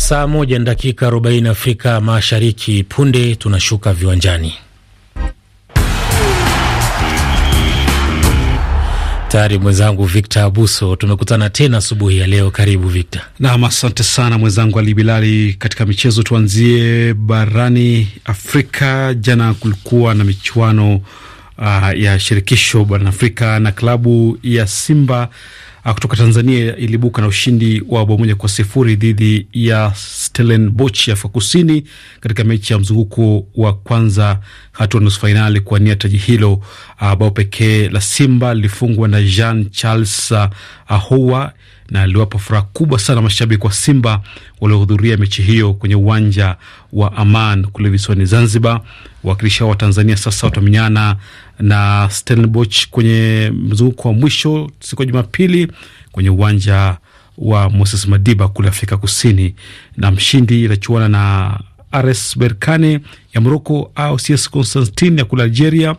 Saa moja na dakika 40 Afrika Mashariki. Punde tunashuka viwanjani tayari mwenzangu Victor Abuso, tumekutana tena asubuhi ya leo. Karibu Victor. Naam, asante sana mwenzangu Ali Bilali. Katika michezo, tuanzie barani Afrika. Jana kulikuwa na michuano uh, ya shirikisho barani Afrika na klabu ya Simba Ah, kutoka Tanzania ilibuka na ushindi wa bao moja kwa sifuri dhidi ya Stellenbosch ya Afrika Kusini katika mechi ya mzunguko wa kwanza hatua nusu fainali kuwania taji hilo. Ah, bao pekee la Simba lilifungwa na Jean Charles Ahoua na aliwapa furaha kubwa sana mashabiki wa Simba waliohudhuria mechi hiyo kwenye uwanja wa Aman kule visiwani Zanzibar. Wawakilishi hao wa Tanzania sasa watamenyana na Stellenbosch kwenye mzunguko wa mwisho siku ya Jumapili kwenye uwanja wa Moses Madiba kule Afrika Kusini, na mshindi itachuana na RS Berkane ya Moroko au CS Constantine ya kule Algeria.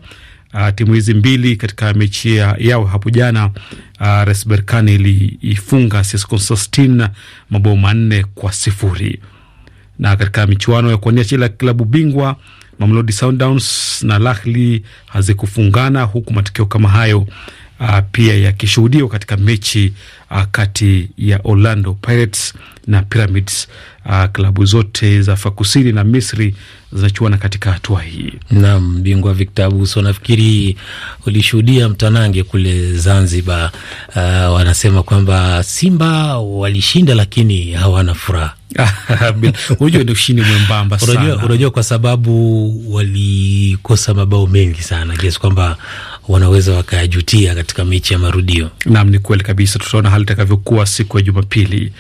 Uh, timu hizi mbili katika mechi yao hapo jana uh, ah, RS Berkane iliifunga CSKA mabao manne kwa sifuri. Na katika michuano ya kuania chila klabu bingwa Mamelodi Sundowns na Lahli hazikufungana huku matokeo kama hayo uh, pia yakishuhudiwa katika mechi uh, kati ya Orlando Pirates na Pyramids uh, klabu zote za Afrika Kusini na Misri zinachuana katika hatua hii. Naam, bingwa Victor Abuso, nafikiri ulishuhudia mtanange kule Zanzibar. Uh, wanasema kwamba Simba walishinda lakini hawana furaha. Unajua ni ushindi mwembamba sana. Unajua kwa sababu walikosa mabao mengi sana kiasi kwamba wanaweza wakayajutia katika mechi ya marudio. Naam, ni kweli kabisa. Tutaona hali itakavyokuwa siku ya Jumapili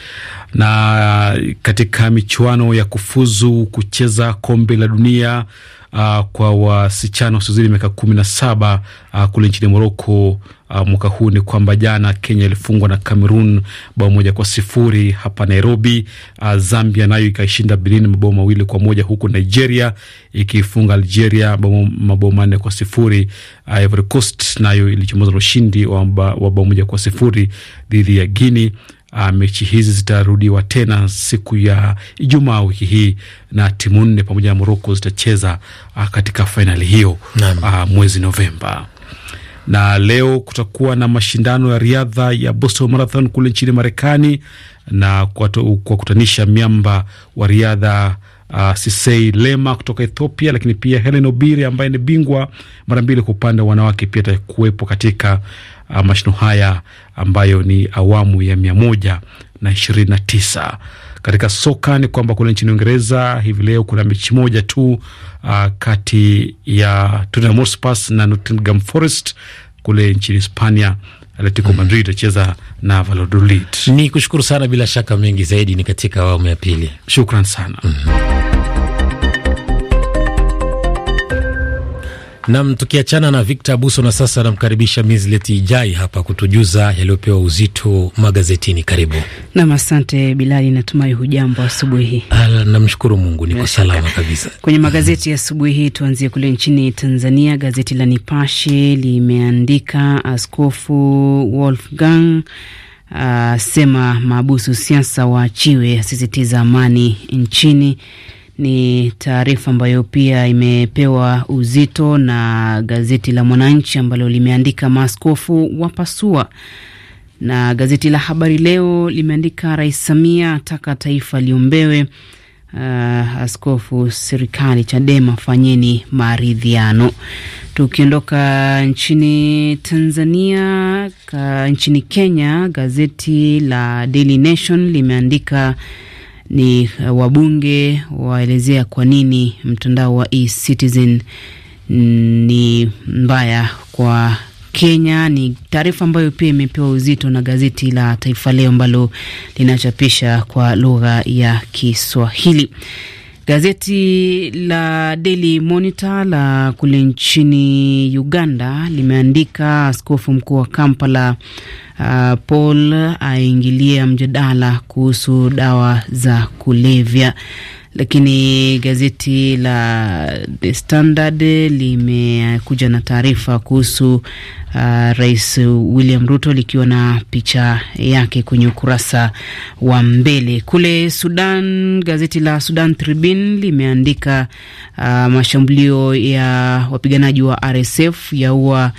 na uh, katika michuano ya kufuzu kucheza kombe la dunia uh, kwa wasichana wasiozidi miaka kumi na saba uh, kule nchini Moroko uh, mwaka huu ni kwamba jana Kenya ilifungwa na Cameroon bao moja kwa sifuri hapa Nairobi. Uh, Zambia nayo ikaishinda Benin mabao mawili kwa moja huku Nigeria ikiifunga Algeria mabao manne kwa sifuri. Uh, Ivory Coast nayo ilichomoza na ushindi wa bao moja kwa sifuri dhidi ya Guinea. Uh, mechi hizi zitarudiwa tena siku ya Ijumaa wiki hii na timu nne pamoja na Moroko zitacheza uh, katika fainali hiyo uh, mwezi Novemba. Na leo kutakuwa na mashindano ya riadha ya Boston Marathon kule nchini Marekani na kwa kukutanisha miamba wa riadha uh, Sisei Lema kutoka Ethiopia, lakini pia Helen Obiri ambaye ni bingwa mara mbili kwa upande wa wanawake pia atakuwepo katika uh, ah, mashino haya ambayo ni awamu ya mia moja na ishirini na tisa. Katika soka ni kwamba kule nchini Uingereza hivi leo kuna mechi moja tu uh, kati ya Tottenham Hotspur na Nottingham Forest kule nchini Hispania. Atletico Madrid itacheza na Valladolid. Ni kushukuru sana, bila shaka mengi zaidi ni katika awamu ya pili. Shukran sana. Mm -hmm. Nam, tukiachana na Victor Abuso na sasa namkaribisha Mizleti Ijai hapa kutujuza yaliyopewa uzito magazetini. Karibu nam. Asante Bilali, natumai hujambo asubuhi hii. Ah, namshukuru Mungu niko salama kabisa. Kwenye magazeti ya asubuhi hii, tuanzie kule nchini Tanzania. Gazeti la Nipashe limeandika Askofu Wolfgang asema ah, uh, maabusu siasa waachiwe, asisitiza amani nchini ni taarifa ambayo pia imepewa uzito na gazeti la Mwananchi ambalo limeandika maaskofu wapasua, na gazeti la Habari Leo limeandika Rais Samia ataka taifa liombewe. Uh, askofu serikali Chadema fanyeni maridhiano. Tukiondoka nchini Tanzania ka, nchini Kenya gazeti la Daily Nation limeandika ni eh, wabunge waelezea kwa nini mtandao wa eCitizen ni mbaya kwa Kenya. Ni taarifa ambayo pia imepewa uzito na gazeti la Taifa Leo ambalo linachapisha kwa lugha ya Kiswahili. Gazeti la Daily Monitor la kule nchini Uganda limeandika askofu mkuu wa Kampala uh, Paul aingilia mjadala kuhusu dawa za kulevya. Lakini gazeti la The Standard limekuja na taarifa kuhusu uh, Rais William Ruto likiwa na picha yake kwenye ukurasa wa mbele. Kule Sudan, gazeti la Sudan Tribune limeandika uh, mashambulio ya wapiganaji wa RSF yaua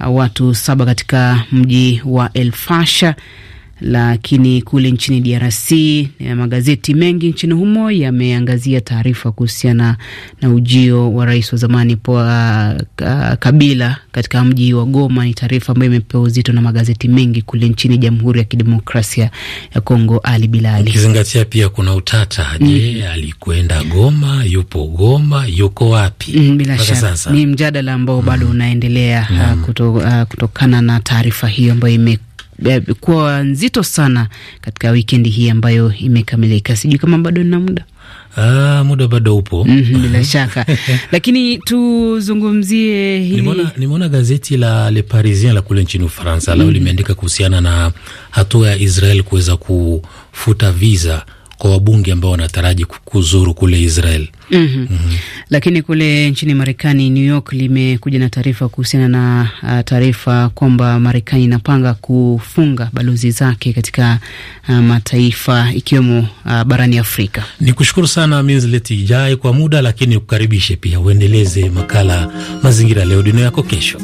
uh, watu saba katika mji wa El Fasher. Lakini kule nchini DRC eh, magazeti mengi nchini humo yameangazia taarifa kuhusiana na ujio wa rais wa zamani uh, Kabila katika mji wa Goma. Ni taarifa ambayo imepewa uzito na magazeti mengi kule nchini Jamhuri ya Kidemokrasia ya Kongo. Ali Bilali, ukizingatia pia kuna utata, mm. je, mm. alikwenda Goma? Yupo Goma? Yuko wapi? Mm, bila shaka ni mjadala ambao bado mm. unaendelea ah, mm. Uh, kuto, uh, kutokana na taarifa hiyo ambayo ime kuwa nzito sana katika wikendi hii ambayo imekamilika. Sijui kama bado nina muda. Ah, muda bado upo mm -hmm, bila shaka lakini tuzungumzie hili. Nimeona gazeti la Le Parisien la kule nchini Ufaransa mm -hmm, lao mhm. limeandika kuhusiana na hatua ya Israel kuweza kufuta visa kwa wabunge ambao wanataraji kuzuru kule Israel. mm -hmm. Mm -hmm. Lakini kule nchini Marekani, New York limekuja na taarifa kuhusiana na uh, taarifa kwamba Marekani inapanga kufunga balozi zake katika uh, mataifa ikiwemo uh, barani Afrika. Ni kushukuru sana Minzileti Ijai kwa muda, lakini ukaribishe pia uendeleze makala Mazingira Leo Dunia Yako Kesho.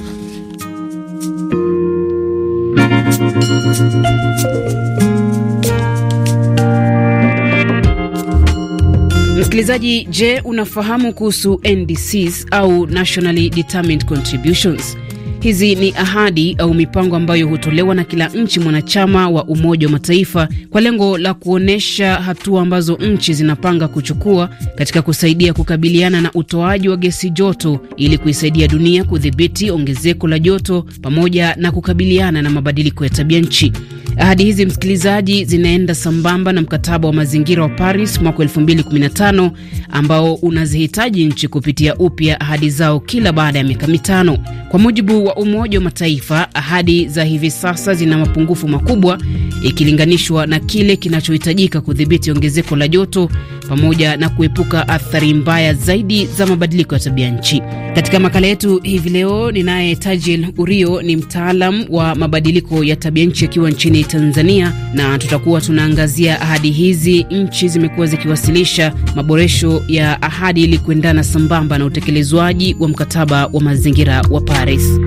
Msikilizaji, je, unafahamu kuhusu NDCs au Nationally Determined Contributions? Hizi ni ahadi au mipango ambayo hutolewa na kila nchi mwanachama wa Umoja wa Mataifa kwa lengo la kuonyesha hatua ambazo nchi zinapanga kuchukua katika kusaidia kukabiliana na utoaji wa gesi joto ili kuisaidia dunia kudhibiti ongezeko la joto pamoja na kukabiliana na mabadiliko ya tabia nchi. Ahadi hizi, msikilizaji, zinaenda sambamba na mkataba wa mazingira wa Paris mwaka 2015 ambao unazihitaji nchi kupitia upya ahadi zao kila baada ya miaka mitano. Kwa mujibu wa Umoja wa Mataifa, ahadi za hivi sasa zina mapungufu makubwa ikilinganishwa na kile kinachohitajika kudhibiti ongezeko la joto pamoja na kuepuka athari mbaya zaidi za mabadiliko ya tabia nchi. Katika makala yetu hivi leo ninaye Tajil Urio, ni mtaalam wa mabadiliko ya tabia nchi akiwa nchini Tanzania, na tutakuwa tunaangazia ahadi hizi. Nchi zimekuwa zikiwasilisha maboresho ya ahadi ili kuendana sambamba na utekelezwaji wa mkataba wa mazingira wa Paris.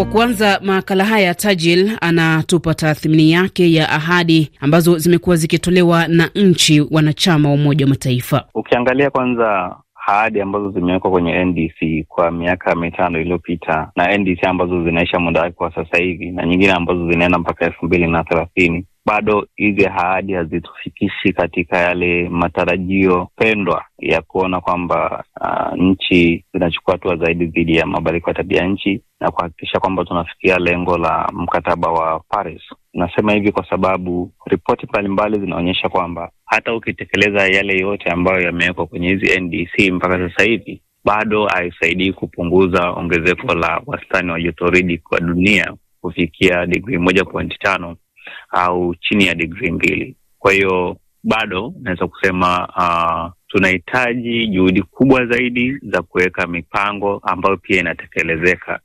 Kwa kuanza makala haya, Tajil anatupa tathmini yake ya ahadi ambazo zimekuwa zikitolewa na nchi wanachama wa Umoja wa Mataifa. Ukiangalia kwanza ahadi ambazo zimewekwa kwenye NDC kwa miaka mitano iliyopita na NDC ambazo zinaisha muda wake kwa sasa hivi na nyingine ambazo zinaenda mpaka elfu mbili na thelathini bado hizi ahadi hazitufikishi katika yale matarajio pendwa ya kuona kwamba uh, nchi zinachukua hatua zaidi dhidi ya mabadiliko ya tabia nchi na kuhakikisha kwamba tunafikia lengo la mkataba wa Paris. Nasema hivi kwa sababu ripoti mbalimbali zinaonyesha kwamba hata ukitekeleza yale yote ambayo yamewekwa kwenye hizi NDC mpaka sasa hivi bado haisaidii kupunguza ongezeko la wastani wa jotoridi kwa dunia kufikia digrii moja pointi tano au chini ya digrii mbili. Kwa hiyo bado naweza kusema uh, tunahitaji juhudi kubwa zaidi za kuweka mipango ambayo pia inatekelezeka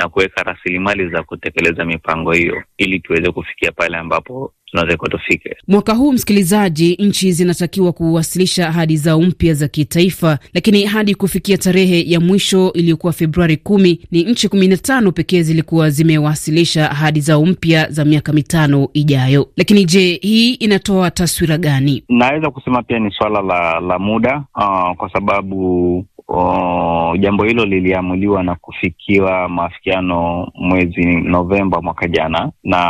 na kuweka rasilimali za kutekeleza mipango hiyo ili tuweze kufikia pale ambapo tunataka tufike. Mwaka huu, msikilizaji, nchi zinatakiwa kuwasilisha ahadi zao mpya za kitaifa, lakini hadi kufikia tarehe ya mwisho iliyokuwa Februari kumi, ni nchi kumi na tano pekee zilikuwa zimewasilisha ahadi zao mpya za miaka mitano ijayo. Lakini je, hii inatoa taswira gani? Naweza kusema pia ni swala la, la muda uh, kwa sababu O, oh, jambo hilo liliamuliwa na kufikiwa maafikiano mwezi Novemba mwaka jana, na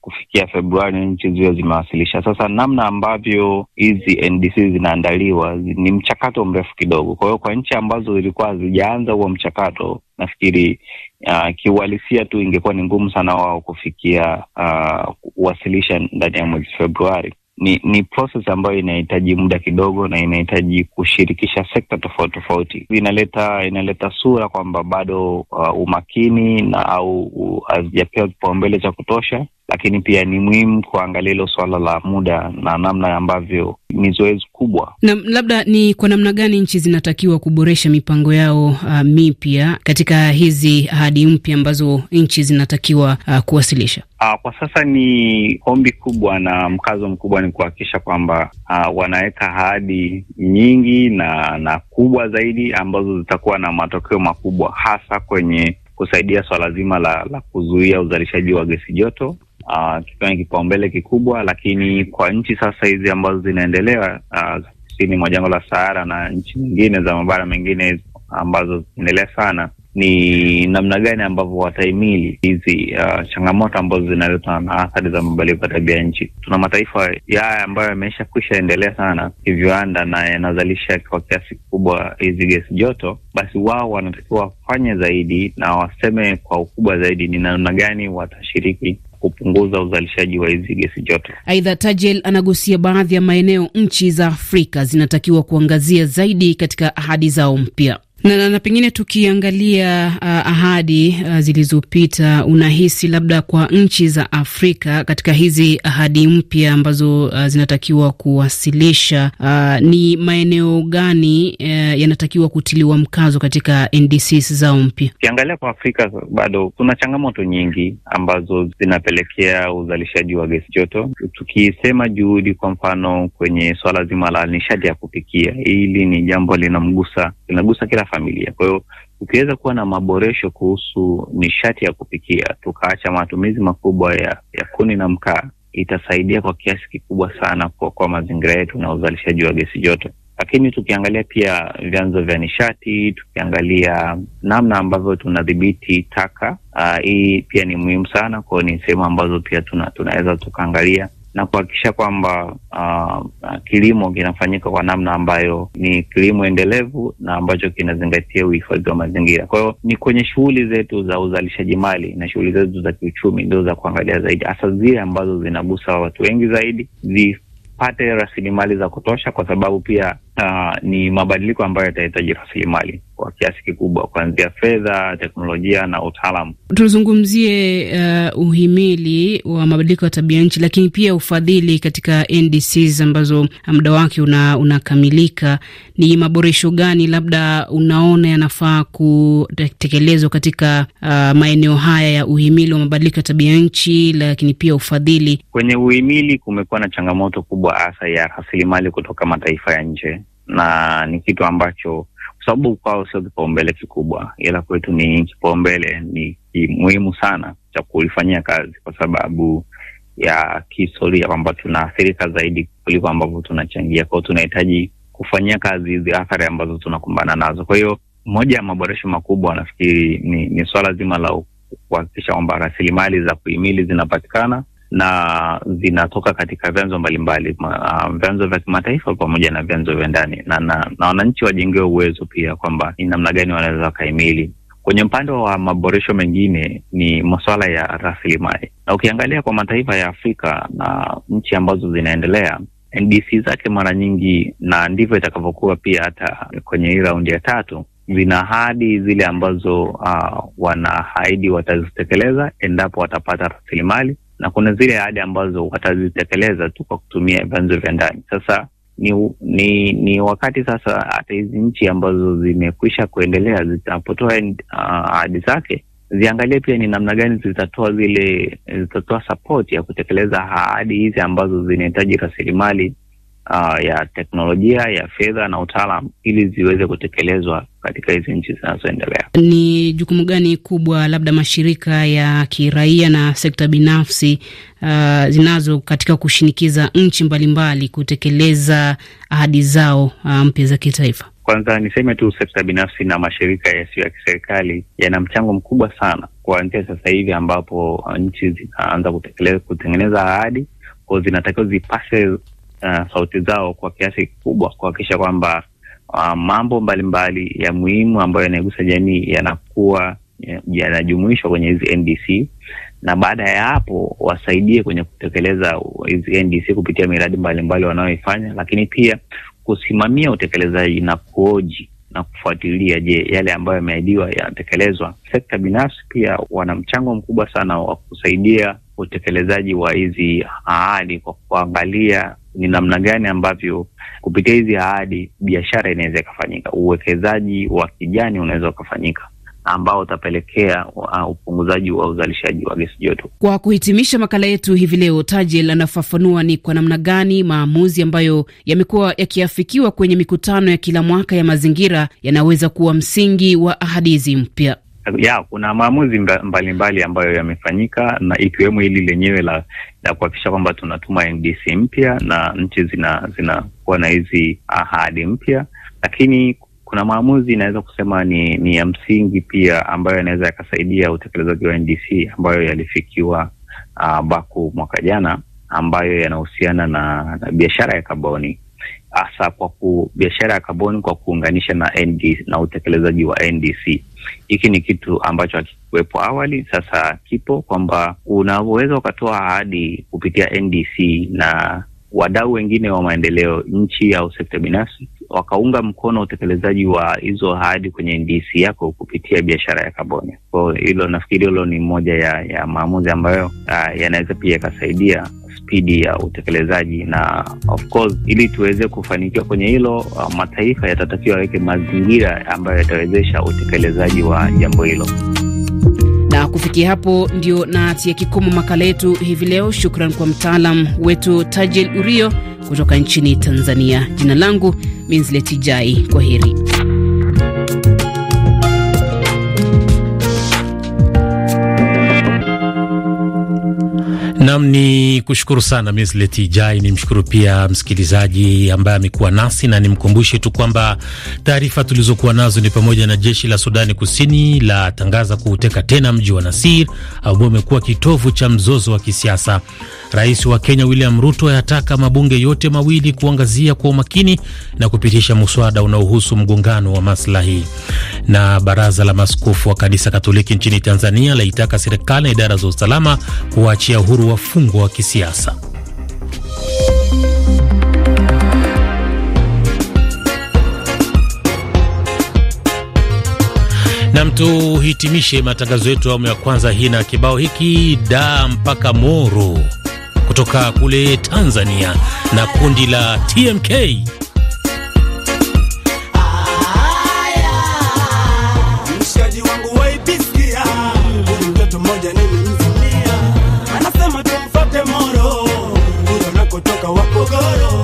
kufikia Februari nchi ziwe zimewasilisha. Sasa namna ambavyo hizi NDC zinaandaliwa ni mchakato mrefu kidogo, kwa hiyo kwa nchi ambazo zilikuwa hazijaanza huo mchakato, nafikiri uh, kiuhalisia tu ingekuwa ni ngumu sana wao kufikia uh, kuwasilisha ndani ya mwezi Februari ni ni process ambayo inahitaji muda kidogo na inahitaji kushirikisha sekta tofauti tofauti. Inaleta inaleta sura kwamba bado uh, umakini na au hazijapewa uh, kipaumbele cha kutosha lakini pia ni muhimu kuangalia hilo swala la muda na namna ambavyo ni zoezi kubwa. Na labda ni kwa namna gani nchi zinatakiwa kuboresha mipango yao uh, mipya katika hizi ahadi mpya ambazo nchi zinatakiwa uh, kuwasilisha? Uh, kwa sasa ni ombi kubwa na mkazo mkubwa ni kuhakikisha kwamba uh, wanaweka ahadi nyingi na na kubwa zaidi ambazo zitakuwa na matokeo makubwa hasa kwenye kusaidia swala zima la, la kuzuia uzalishaji wa gesi joto uh, ah, tukiwa kipaumbele kikubwa, lakini kwa nchi sasa hizi ambazo zinaendelea ah, kusini uh, mwa jangwa la Sahara na nchi nyingine za mabara mengine ambazo zinaendelea sana ni namna gani ambavyo wataimili hizi uh, changamoto ambazo zinaletwa na athari za mabadiliko ya tabia nchi. Tuna mataifa yaya ambayo yameisha kwisha endelea sana kiviwanda na yanazalisha kwa kiasi kikubwa hizi gesi joto, basi wao wanatakiwa wafanye zaidi na waseme kwa ukubwa zaidi ni namna gani watashiriki kupunguza uzalishaji wa hizi gesi joto. Aidha, Tajel anagusia baadhi ya maeneo nchi za Afrika zinatakiwa kuangazia zaidi katika ahadi zao mpya. Na, na, na pengine tukiangalia uh, ahadi uh, zilizopita, unahisi labda kwa nchi za Afrika katika hizi ahadi mpya ambazo uh, zinatakiwa kuwasilisha uh, ni maeneo gani uh, yanatakiwa kutiliwa mkazo katika NDCs zao mpya? Ukiangalia kwa Afrika bado kuna changamoto nyingi ambazo zinapelekea uzalishaji wa gesi joto. Tukisema juhudi, kwa mfano kwenye swala zima la nishati ya kupikia, hili ni jambo linamgusa inagusa kila familia. Kwa hiyo ukiweza kuwa na maboresho kuhusu nishati ya kupikia, tukaacha matumizi makubwa ya, ya kuni na mkaa, itasaidia kwa kiasi kikubwa sana kwa, mazingira yetu na uzalishaji wa gesi joto. Lakini tukiangalia pia vyanzo vya nishati, tukiangalia namna ambavyo tunadhibiti taka, ah, hii pia ni muhimu sana kwao, ni sehemu ambazo pia tuna, tunaweza tukaangalia na kuhakikisha kwamba uh, kilimo kinafanyika kwa namna ambayo ni kilimo endelevu na ambacho kinazingatia uhifadhi wa mazingira. Kwa hiyo ni kwenye shughuli zetu za uzalishaji mali na shughuli zetu za kiuchumi ndio za kuangalia zaidi, hasa zile ambazo zinagusa watu wengi zaidi, zipate rasilimali za kutosha, kwa sababu pia Uh, ni mabadiliko ambayo yatahitaji rasilimali kwa kiasi kikubwa kuanzia fedha, teknolojia na utaalamu. Tuzungumzie uh, uhimili wa mabadiliko ya tabia nchi, lakini pia ufadhili katika NDCs ambazo muda wake unakamilika. Una ni maboresho gani labda unaona yanafaa kutekelezwa katika uh, maeneo haya ya uhimili wa mabadiliko ya tabia nchi, lakini pia ufadhili kwenye uhimili? Kumekuwa na changamoto kubwa hasa ya rasilimali kutoka mataifa ya nje na ni kitu ambacho kwa sababu kwao sio kipaumbele kikubwa, ila kwetu ni kipaumbele, ni muhimu sana cha kulifanyia kazi, kwa sababu ya kihistoria kwamba tunaathirika zaidi kuliko ambavyo tunachangia. Kwao tunahitaji kufanyia kazi hizi athari ambazo tunakumbana nazo. Kwa hiyo moja ya maboresho makubwa nafikiri ni, ni swala zima la kuhakikisha kwamba rasilimali za kuhimili zinapatikana na zinatoka katika vyanzo mbalimbali uh, vyanzo vya kimataifa pamoja na vyanzo vya ndani, na, na, na wananchi wajengewe uwezo pia kwamba ni namna gani wanaweza wakaimili. Kwenye upande wa maboresho mengine ni masuala ya rasilimali, na ukiangalia kwa mataifa ya Afrika na nchi ambazo zinaendelea NDC zake mara nyingi, na ndivyo itakavyokuwa pia hata kwenye hii raundi ya tatu, zina hadi zile ambazo uh, wanahaidi watazitekeleza endapo watapata rasilimali na kuna zile ahadi ambazo watazitekeleza tu kwa kutumia vyanzo vya ndani. Sasa ni, ni, ni wakati sasa hata hizi nchi ambazo zimekwisha kuendelea zitapotoa uh, ahadi uh, zake ziangalie pia ni namna gani zitatoa zile zitatoa sapoti ya kutekeleza ahadi hizi ambazo zinahitaji rasilimali uh, ya teknolojia ya fedha na utaalam ili ziweze kutekelezwa katika hizi nchi zinazoendelea. Ni jukumu gani kubwa labda mashirika ya kiraia na sekta binafsi uh, zinazo katika kushinikiza nchi mbalimbali kutekeleza ahadi zao uh, mpya za kitaifa? Kwanza niseme tu sekta binafsi na mashirika yasiyo ya kiserikali yana mchango mkubwa sana kuanzia sasa hivi ambapo nchi zinaanza kutengeneza ahadi kwao, zinatakiwa zipase uh, sauti zao kwa kiasi kikubwa kuhakikisha kwamba uh, mambo mbalimbali mbali ya muhimu ambayo yanaigusa jamii yanakuwa eh, yanajumuishwa kwenye hizi NDC na baada ya hapo wasaidie kwenye kutekeleza hizi NDC kupitia miradi mbalimbali wanayoifanya, lakini pia kusimamia utekelezaji na kuoji na kufuatilia, je, yale ambayo yameahidiwa yanatekelezwa. Sekta binafsi pia wana mchango mkubwa sana wa kusaidia utekelezaji wa hizi ahadi kwa kuangalia ni namna gani ambavyo kupitia hizi ahadi biashara inaweza ikafanyika, uwekezaji wa kijani unaweza ukafanyika ambao utapelekea uh, upunguzaji wa uzalishaji wa gesi joto. Kwa kuhitimisha makala yetu hivi leo, Tajel anafafanua ni kwa namna gani maamuzi ambayo yamekuwa yakiafikiwa kwenye mikutano ya kila mwaka ya mazingira yanaweza kuwa msingi wa ahadi hizi mpya ya kuna maamuzi mbalimbali mbali ambayo yamefanyika na ikiwemo hili lenyewe la, la kuhakikisha kwamba tunatuma NDC mpya na nchi zinakuwa na hizi ahadi mpya, lakini kuna maamuzi inaweza kusema ni, ni ya msingi pia ambayo yanaweza yakasaidia utekelezaji wa NDC ambayo yalifikiwa uh, Baku mwaka jana ambayo yanahusiana na, na biashara ya kaboni hasa kwa biashara ya kaboni kwa kuunganisha na NDC, na utekelezaji wa NDC hiki ni kitu ambacho hakikuwepo awali, sasa kipo, kwamba unavyoweza ukatoa ahadi kupitia NDC na wadau wengine wa maendeleo, nchi au sekta binafsi, wakaunga mkono utekelezaji wa hizo ahadi kwenye NDC yako kupitia biashara ya kaboni. Kwa hilo nafikiri hilo ni moja ya, ya maamuzi ambayo ah, yanaweza pia yakasaidia spidi ya utekelezaji na of course, ili tuweze kufanikiwa kwenye hilo uh, mataifa yatatakiwa yaweke mazingira ambayo yatawezesha utekelezaji wa jambo hilo. Na kufikia hapo ndio natia kikomo makala yetu hivi leo. Shukran kwa mtaalam wetu Tajel Urio kutoka nchini Tanzania. Jina langu Minzletijai. Jai, kwa heri. Nam ni kushukuru sana Misleti Jai, ni mshukuru pia msikilizaji ambaye amekuwa nasi, na nimkumbushe tu kwamba taarifa tulizokuwa nazo ni pamoja na jeshi la Sudani Kusini la tangaza kuuteka tena mji wa Nasir ambao umekuwa kitovu cha mzozo wa kisiasa. Rais wa Kenya William Ruto yataka mabunge yote mawili kuangazia kwa umakini na kupitisha muswada unaohusu mgongano wa maslahi. Na baraza la maskofu wa kanisa Katoliki nchini Tanzania laitaka serikali na idara za usalama kuwaachia huru wafungwa wa kisiasa. Nam, tuhitimishe matangazo yetu awamu ya kwanza hii na kibao hiki da mpaka Moro kutoka kule Tanzania na kundi la TMK. Popogoro.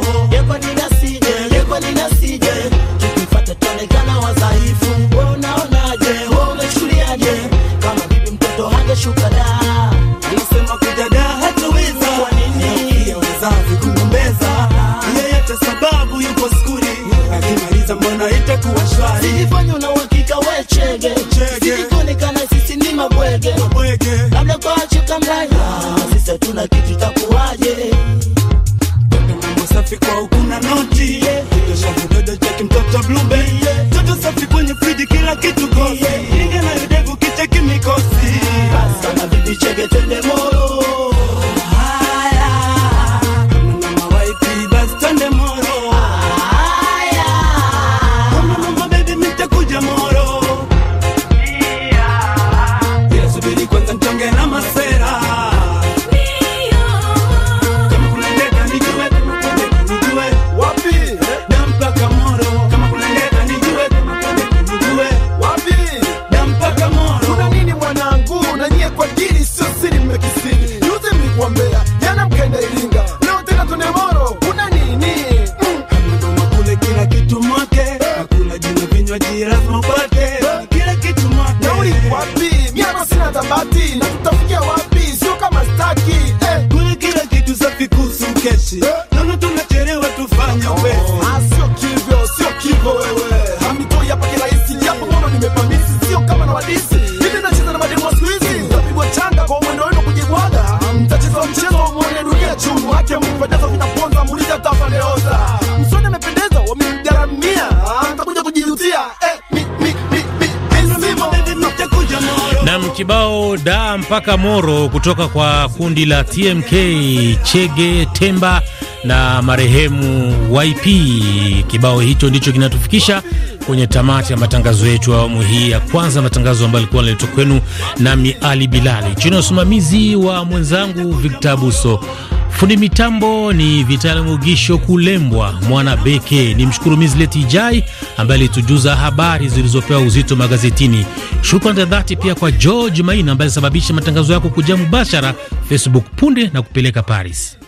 kibao da mpaka moro kutoka kwa kundi la TMK Chege Temba na marehemu YP. Kibao hicho ndicho kinatufikisha kwenye tamati ya matangazo yetu awamu hii ya kwanza, matangazo ambayo alikuwa analetwa kwenu nami Ali Bilali chini ya usimamizi wa mwenzangu Victor Buso. Fundi mitambo ni Vitali Mugisho Kulembwa Mwana Beke. Ni mshukuru Mizleti Jai ambaye alitujuza habari zilizopewa uzito magazetini. Shukrani za dhati pia kwa George Maina ambaye alisababisha matangazo yako kuja mubashara Facebook punde na kupeleka Paris.